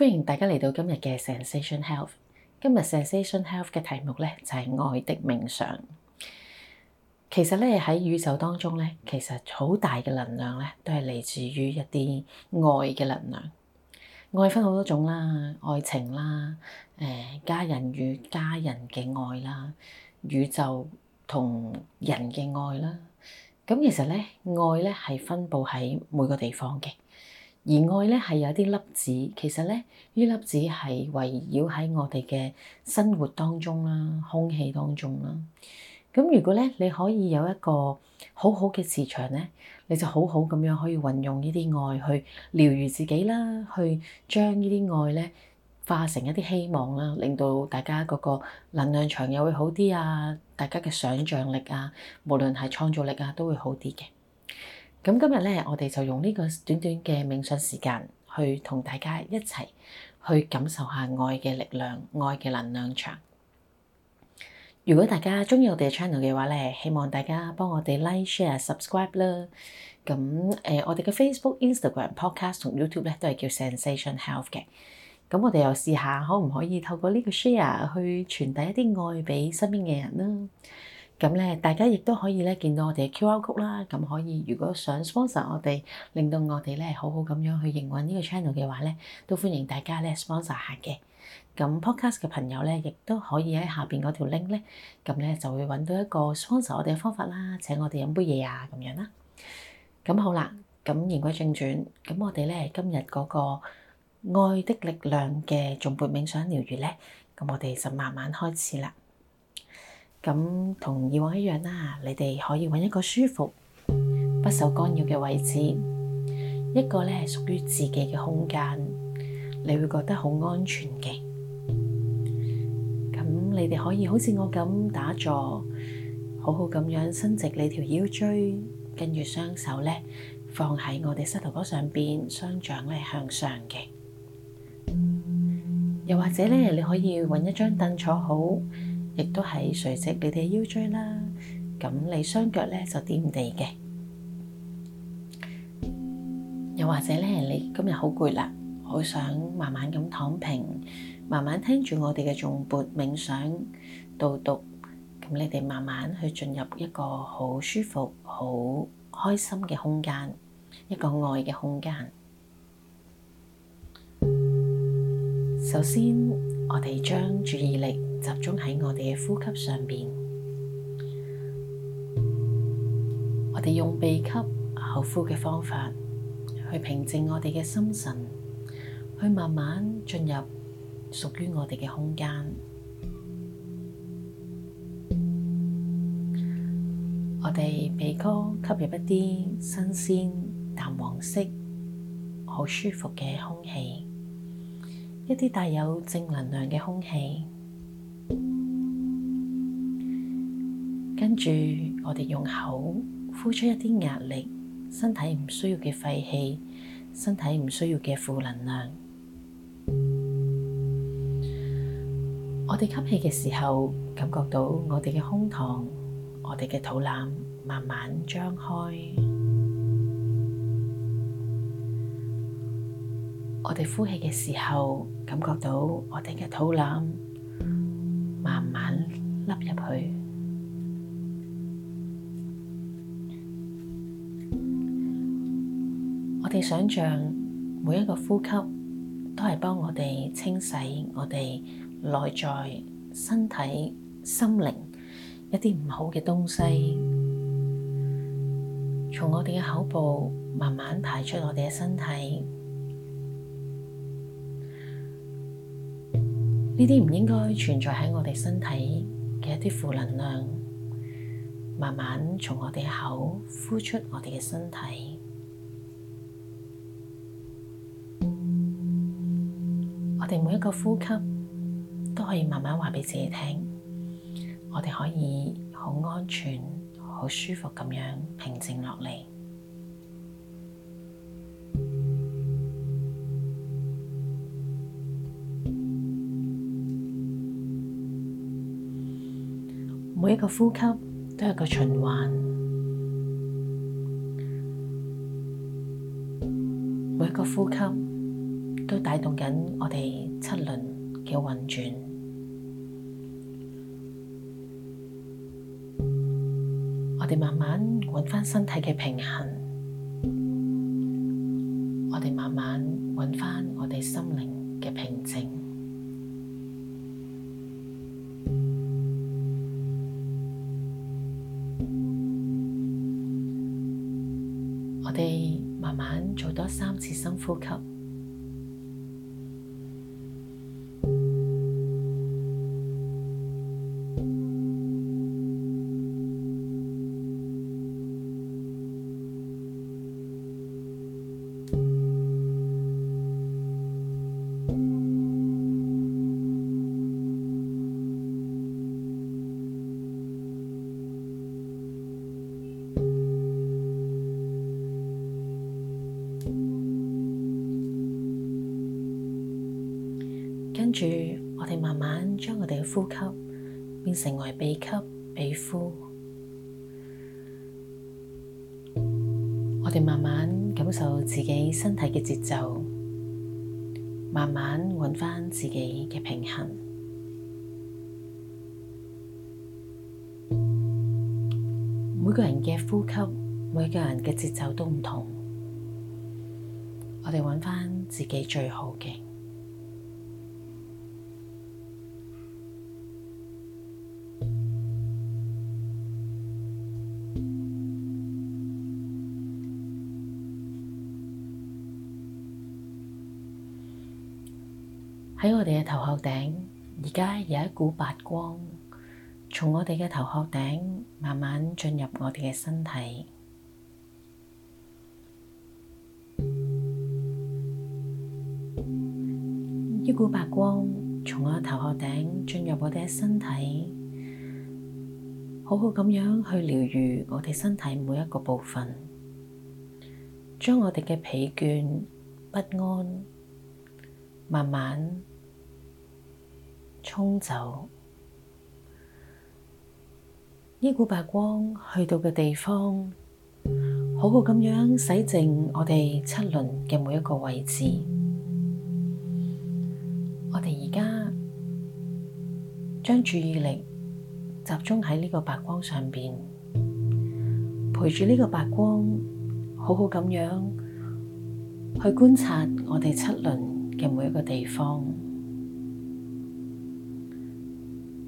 歡迎大家嚟到今日嘅 Zensation Health。今日 Zensation Health 嘅題目咧就係愛的冥想。其實咧喺宇宙當中咧，其實好大嘅能量咧都係嚟自於一啲愛嘅能量。愛分好多種啦，愛情啦，誒家人與家人嘅愛啦，宇宙同人嘅愛啦。咁其實咧愛咧係分佈喺每個地方嘅。而愛咧係有啲粒子，其實咧呢粒子係圍繞喺我哋嘅生活當中啦、空氣當中啦。咁如果咧你可以有一個好好嘅磁場咧，你就好好咁樣可以運用呢啲愛去療愈自己啦，去將呢啲愛咧化成一啲希望啦，令到大家嗰個能量場又會好啲啊，大家嘅想像力啊，無論係創造力啊都會好啲嘅。咁今日咧，我哋就用呢個短短嘅冥想時間，去同大家一齊去感受下愛嘅力量、愛嘅能量場。如果大家鍾意我哋嘅 channel 嘅話咧，希望大家幫我哋 like、share、subscribe 啦。咁誒，我哋嘅 Facebook、Instagram、Podcast 同 YouTube 咧都係叫 Zensation Health 嘅。咁我哋又試下可唔可以透過呢個 share 去傳遞一啲愛俾身邊嘅人呢？咁咧，大家亦都可以咧見到我哋嘅 QR code 啦。咁可以，如果想 sponsor 我哋，令到我哋咧好好咁樣去營運呢個 channel 嘅話咧，都歡迎大家咧 sponsor 下嘅。咁 podcast 嘅朋友咧，亦都可以喺下邊嗰條 link 咧，咁咧就會揾到一個 sponsor 我哋嘅方法啦。請我哋飲杯嘢啊，咁樣啦。咁好啦，咁言歸正傳，咁我哋咧今日嗰個愛的力量嘅頌缽冥想療癒咧，咁我哋就慢慢開始啦。咁同以往一樣啦，你哋可以揾一個舒服、不受干擾嘅位置，一個呢係屬於自己嘅空間，你會覺得好安全嘅。咁你哋可以好似我咁打坐，好好咁樣伸直你條腰椎，跟住雙手呢放喺我哋膝頭哥上邊，雙掌呢向上嘅。又或者呢，你可以揾一張凳坐好。亦都係垂直你哋腰椎啦，咁你雙腳咧就掂地嘅，又或者咧你今日好攰啦，好想慢慢咁躺平，慢慢聽住我哋嘅誦缽冥想導讀，咁你哋慢慢去進入一個好舒服、好開心嘅空間，一個愛嘅空間。首先，我哋將注意力，集中喺我哋嘅呼吸上面，我哋用鼻吸、口呼嘅方法去平靜我哋嘅心神，去慢慢進入屬於我哋嘅空間。我哋鼻腔吸入一啲新鮮、淡黃色、好舒服嘅空氣，一啲帶有正能量嘅空氣。跟住，我哋用口呼出一啲壓力、身體唔需要嘅廢氣、身體唔需要嘅負能量。我哋吸氣嘅時候，感覺到我哋嘅胸膛、我哋嘅肚腩慢慢張開；我哋呼氣嘅時候，感覺到我哋嘅肚腩。吸入去，我哋想象每一個呼吸都係幫我哋清洗我哋內在身體心靈一啲唔好嘅東西，從我哋嘅口部慢慢排出我哋嘅身體，呢啲唔應該存在喺我哋身體，嘅一啲負能量，慢慢從我哋口呼出我哋嘅身體，我哋每一個呼吸都可以慢慢話畀自己聽，我哋可以好安全、好舒服咁樣平靜落嚟。個呼吸都係個循環，每一個呼吸都帶動緊我哋七輪嘅運轉。我哋慢慢揾翻身體嘅平衡，我哋慢慢揾翻我哋心靈嘅平靜。我哋慢慢做多三次深呼吸。我哋慢慢感受自己身體嘅節奏，慢慢揾翻自己嘅平衡。每個人嘅呼吸，每個人嘅節奏都唔同，我哋揾翻自己最好嘅。頭殼頂，而家有一股白光從我哋嘅頭殼頂慢慢進入我哋嘅身體。一股白光從我頭殼頂進入我哋嘅身體，好好咁樣去療癒我哋身體每一個部分，將我哋嘅疲倦不安慢慢。沖走呢股白光，去到嘅地方，好好咁樣洗淨我哋七輪嘅每一個位置。我哋而家將注意力集中喺呢個白光上面，陪住呢個白光，好好咁樣去觀察我哋七輪嘅每一個地方。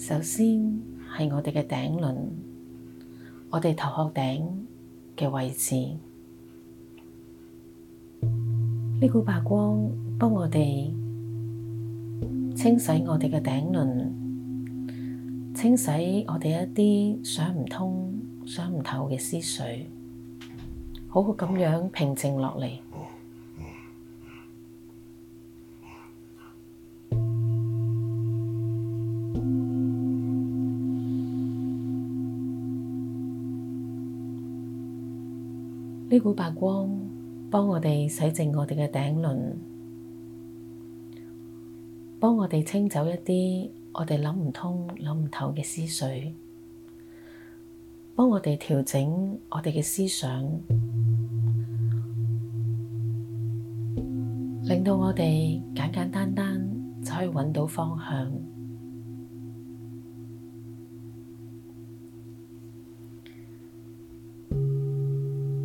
首先係我哋嘅頂輪，我哋頭殼頂嘅位置，呢股白光幫我哋清洗我哋嘅頂輪，清洗我哋一啲想唔通、想唔透嘅思緒，好好咁樣平靜落嚟。呢股白光幫我哋洗淨我哋嘅頂輪，幫我哋清走一啲我哋諗唔通、諗唔透嘅思緒，幫我哋調整我哋嘅思想，令到我哋簡簡單單就可以搵到方向。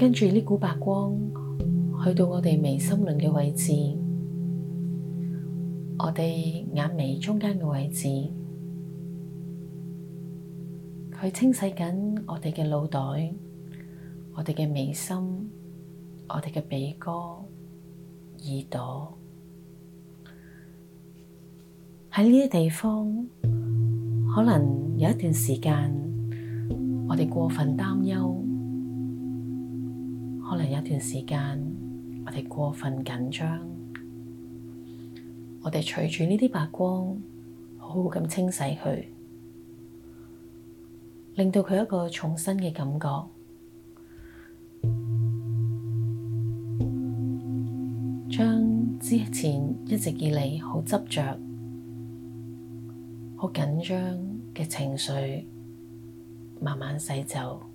跟住呢股白光去到我哋眉心輪嘅位置，我哋眼眉中間嘅位置，佢清洗緊我哋嘅腦袋，我哋嘅眉心，我哋嘅鼻哥、耳朵，喺呢啲地方，可能有一段時間我哋過分擔憂。可能有段時間，我哋過分緊張，我哋隨住呢啲白光，好好咁清洗佢，令到佢有一個重新嘅感覺，將之前一直以嚟好執着、好緊張嘅情緒，慢慢洗走。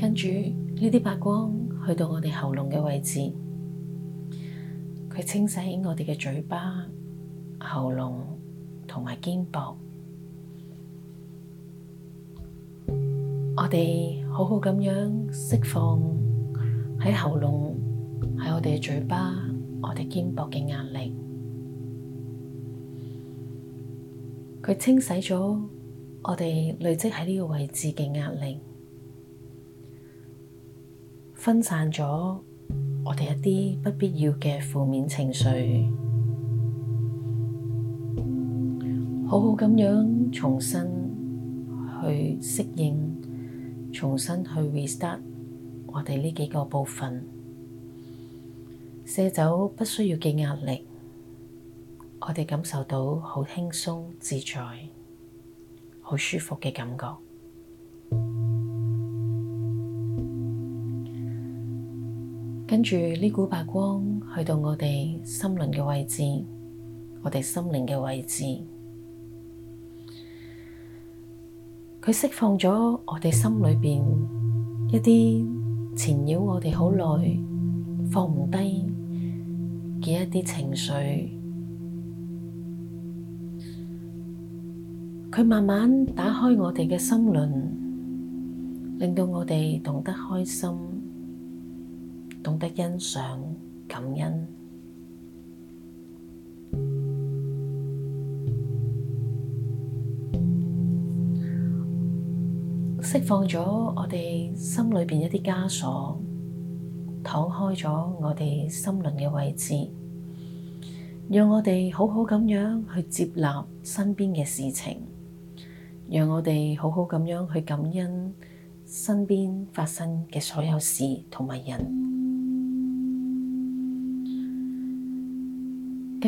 跟住呢啲白光去到我哋喉嚨嘅位置，佢清洗我哋嘅嘴巴、喉嚨同埋肩膊。我哋好好咁樣釋放喺喉嚨、喺我哋嘅嘴巴、我哋肩膊嘅壓力。佢清洗咗我哋累積喺呢個位置嘅壓力。分散咗我哋一啲不必要嘅負面情緒，好好咁樣重新去適應，重新去 Restart 我哋呢幾個部分，卸走不需要嘅壓力，我哋感受到好輕鬆、自在，好舒服嘅感覺。跟住呢股白光去到我哋心輪嘅位置，我哋心靈嘅位置，佢釋放咗我哋心裏邊一啲纏繞我哋好耐放唔低嘅一啲情緒，佢慢慢打開我哋嘅心輪，令到我哋懂得開心。懂得欣賞感恩，釋放咗我哋心裏邊一啲枷鎖，敞開咗我哋心輪嘅位置，讓我哋好好咁樣去接納身邊嘅事情，讓我哋好好咁樣去感恩身邊發生嘅所有事同埋人。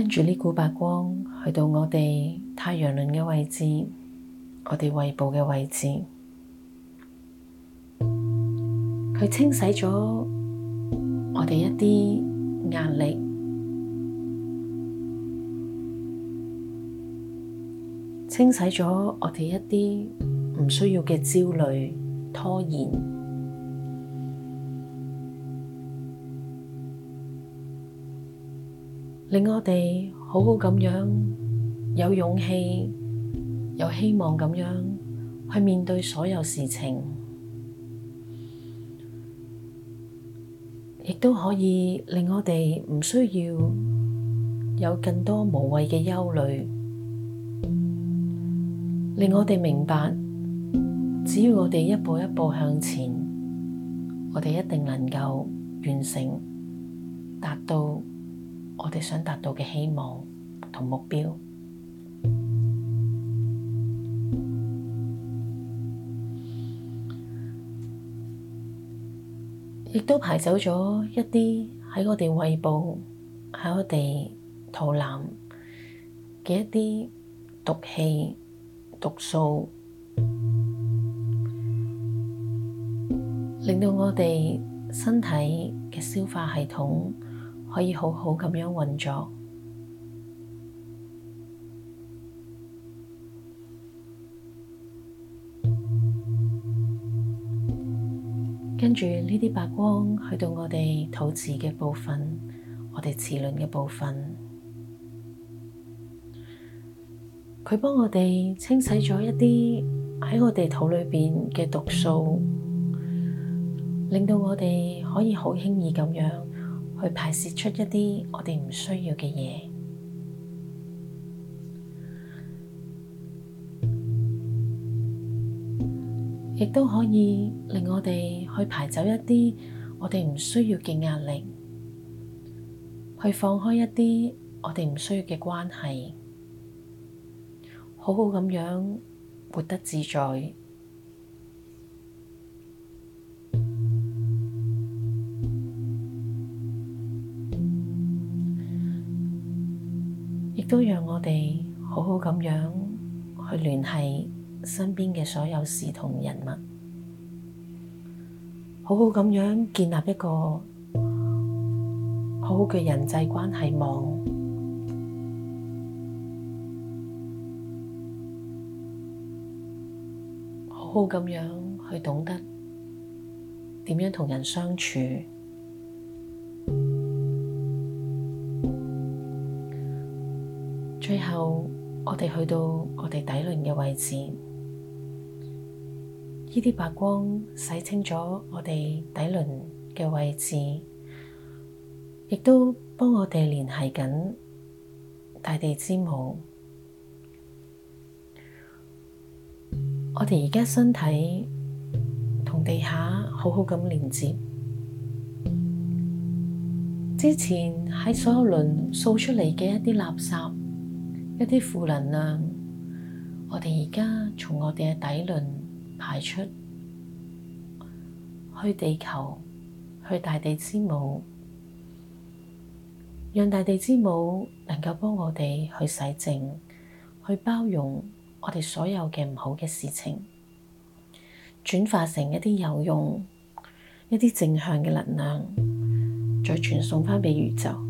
跟住呢股白光去到我哋太陽輪嘅位置，我哋胃部嘅位置，佢清洗咗我哋一啲壓力，清洗咗我哋一啲唔需要嘅焦慮、拖延。令我哋好好咁樣有勇氣、有希望咁樣去面對所有事情，亦都可以令我哋唔需要有更多無謂嘅憂慮。令我哋明白，只要我哋一步一步向前，我哋一定能夠完成、達到。我哋想達到嘅希望同目標，亦都排走咗一啲喺我哋胃部、喺我哋肚腩嘅一啲毒氣、毒素，令到我哋身體嘅消化系統，可以好好咁樣運作，跟住呢啲白光去到我哋肚臍嘅部分，我哋臍輪嘅部分，佢幫我哋清洗咗一啲喺我哋肚裏邊嘅毒素，令到我哋可以好輕易咁樣。去排泄出一啲我哋唔需要嘅嘢，亦都可以令我哋去排走一啲我哋唔需要嘅壓力，去放開一啲我哋唔需要嘅關係，好好咁樣活得自在。亦都讓我哋好好咁樣去聯繫身邊嘅所有事同人物，好好咁樣建立一個好好嘅人際關係網，好好咁樣去懂得點樣同人相處。最後，我哋去到我哋底輪嘅位置，呢啲白光洗清咗我哋底輪嘅位置，亦都幫我哋聯繫緊大地之母。我哋而家身體同地下好好咁連接，之前喺所有輪掃出嚟嘅一啲垃圾。一啲負能量，我哋而家從我哋嘅底輪排出，去地球，去大地之母，讓大地之母能夠幫我哋去洗淨，去包容我哋所有嘅唔好嘅事情，轉化成一啲有用、一啲正向嘅能量，再傳送翻畀宇宙。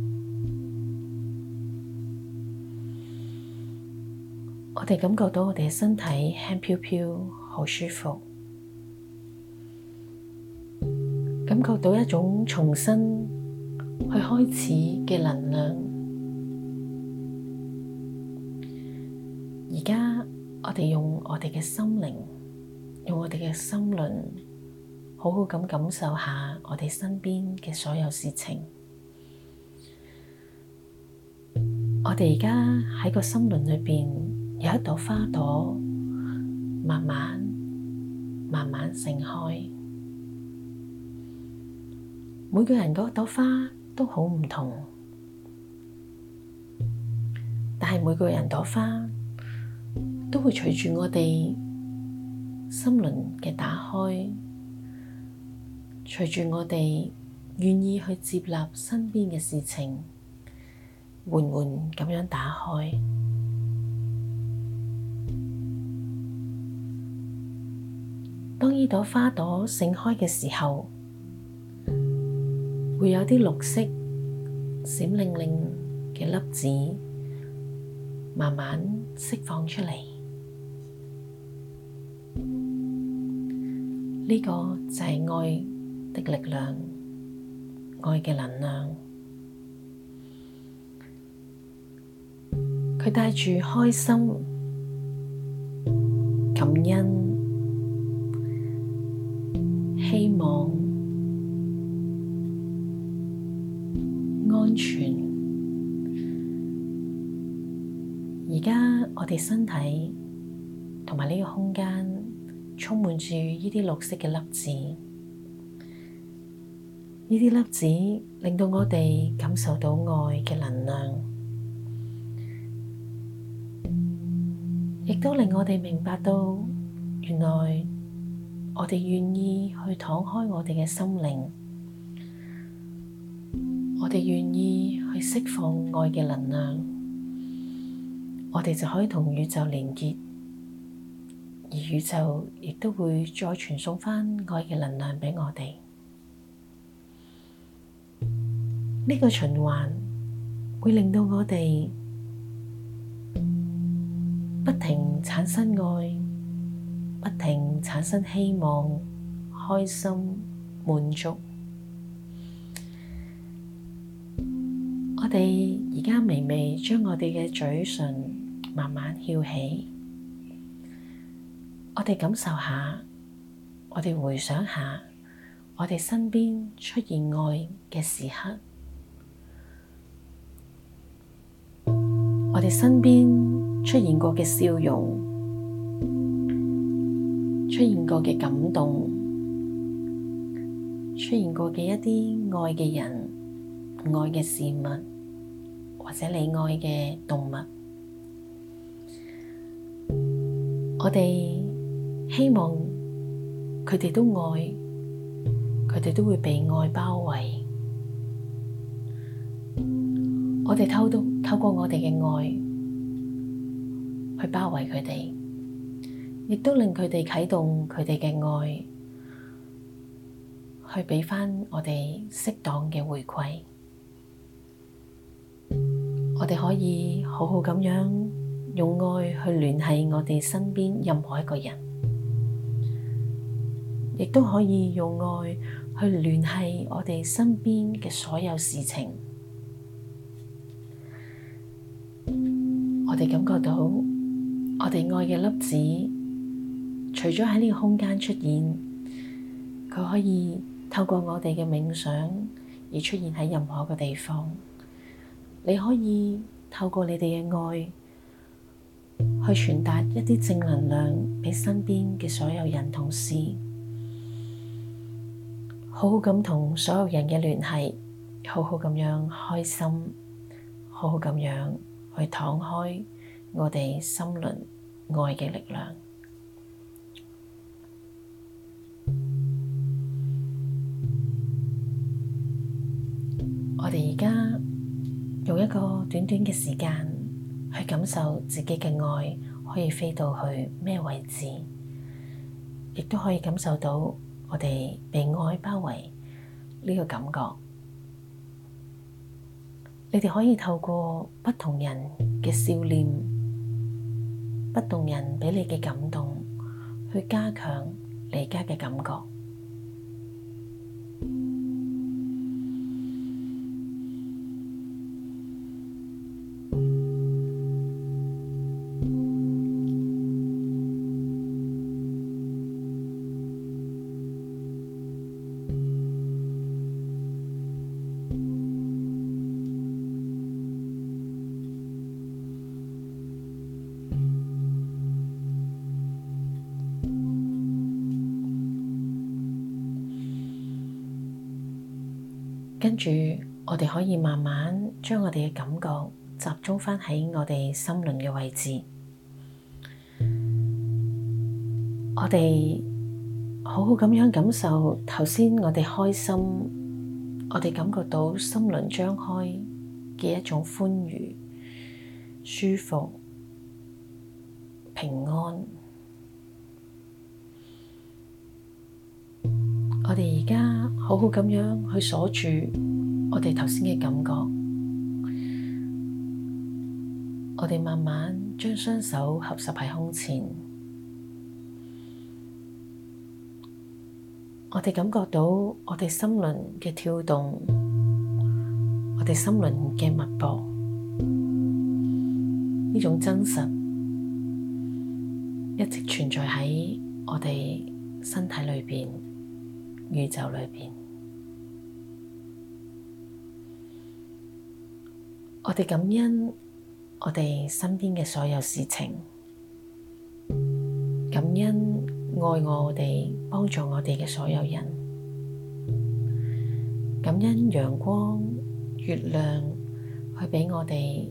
我哋感覺到我哋嘅身體輕飄飄，好舒服，感覺到一種重新去開始嘅能量。而家我哋用我哋嘅心靈，用我哋嘅心輪，好好咁感受下我哋身邊嘅所有事情。我哋而家喺個心輪裏邊。有一朵花朵，慢慢、慢慢盛開。每個人嗰朵花都好唔同，但係每個人朵花都會隨住我哋心靈嘅打開，隨住我哋願意去接納身邊嘅事情，緩緩咁樣打開。呢朵花朵盛開嘅時候，會有啲綠色閃亮亮嘅粒子慢慢釋放出嚟。呢、這個就係愛的力量，愛嘅能量，佢帶住開心、感恩。而家我哋身體同埋呢個空間充滿住呢啲綠色嘅粒子，呢啲粒子令到我哋感受到愛嘅能量，亦都令我哋明白到，原來我哋願意去敞開我哋嘅心靈。我哋願意去釋放愛嘅能量，我哋就可以同宇宙連結，而宇宙亦都會再傳送翻愛嘅能量畀我哋。呢個循環會令到我哋不停產生愛，不停產生希望、開心、滿足。我哋而家微微將我哋嘅嘴唇慢慢翹起，我哋感受下，我哋回想下，我哋身邊出現愛嘅時刻，我哋身邊出現過嘅笑容，出現過嘅感動，出現過嘅一啲愛嘅人、愛嘅事物。或者你愛嘅動物，我哋希望佢哋都愛，佢哋都會被愛包圍。我哋透過透過我哋嘅愛去包圍佢哋，亦都令佢哋啟動佢哋嘅愛，去畀翻我哋適當嘅回饋。我哋可以好好咁樣用愛去聯繫我哋身邊任何一個人，亦都可以用愛去聯繫我哋身邊嘅所有事情。我哋感覺到，我哋愛嘅粒子，除咗喺呢個空間出現，佢可以透過我哋嘅冥想而出現喺任何一個地方。你可以透過你哋嘅愛去傳達一啲正能量畀身邊嘅所有人同事，好好咁同所有人嘅聯繫，好好咁樣開心，好好咁樣去敞開我哋心輪愛嘅力量。 我哋而家。用一個短短嘅時間去感受自己嘅愛可以飛到去咩位置，亦都可以感受到我哋被愛包圍呢個感覺。你哋可以透過不同人嘅笑臉、不同人畀你嘅感動，去加強你而家嘅感覺。跟住，我哋可以慢慢將我哋嘅感覺集中返喺我哋心輪嘅位置。我哋好好咁樣感受頭先我哋開心，我哋感覺到心輪張開嘅一種歡愉、舒服、平安。我哋而家好好咁樣去鎖住我哋頭先嘅感覺，我哋慢慢將雙手合十喺胸前，我哋感覺到我哋心輪嘅跳動，我哋心輪嘅脈搏，呢種真實一直存在喺我哋身體裏邊。宇宙裏面，我哋感恩我哋身邊嘅所有事情，感恩愛我哋、幫助我哋嘅所有人，感恩陽光、月亮去畀我哋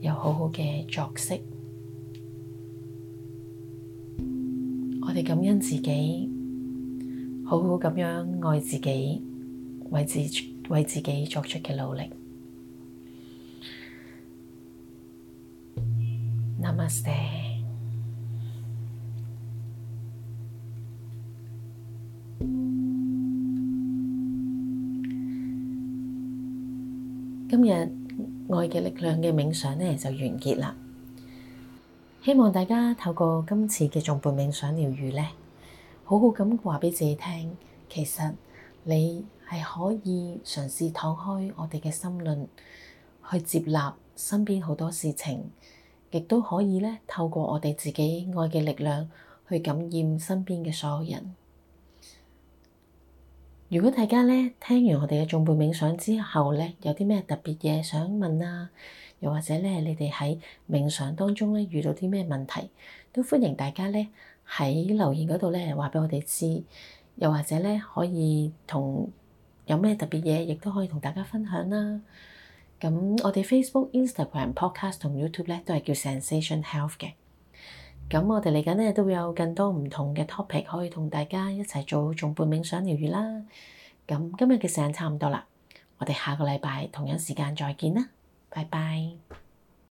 有好好嘅作息，我哋感恩自己。好好咁樣愛自己，為自己作出嘅努力。Namaste。今日愛嘅力量嘅冥想呢就完結啦。希望大家透過今次嘅頌缽冥想療癒呢，好好咁話畀自己聽，其實你係可以嘗試敞開我哋嘅心輪去接納身邊好多事情，亦都可以咧透過我哋自己愛嘅力量去感染身邊嘅所有人。如果大家咧聽完我哋嘅頌缽冥想之後咧，有啲咩特別嘢想問啊，又或者咧你哋喺冥想當中咧遇到啲咩問題，都歡迎大家咧。喺留言嗰度咧，話俾我哋知，又或者咧可以同有咩特別嘢，亦都可以同大家分享啦。咁我哋 Facebook、Instagram、Podcast 同 YouTube 咧，都係叫 Zensation Health 嘅。咁我哋嚟緊咧都會有更多唔同嘅 topic 可以同大家一齊做頌缽冥想療癒啦。咁今日嘅時間差唔多啦，我哋下個禮拜同樣時間再見啦，拜拜。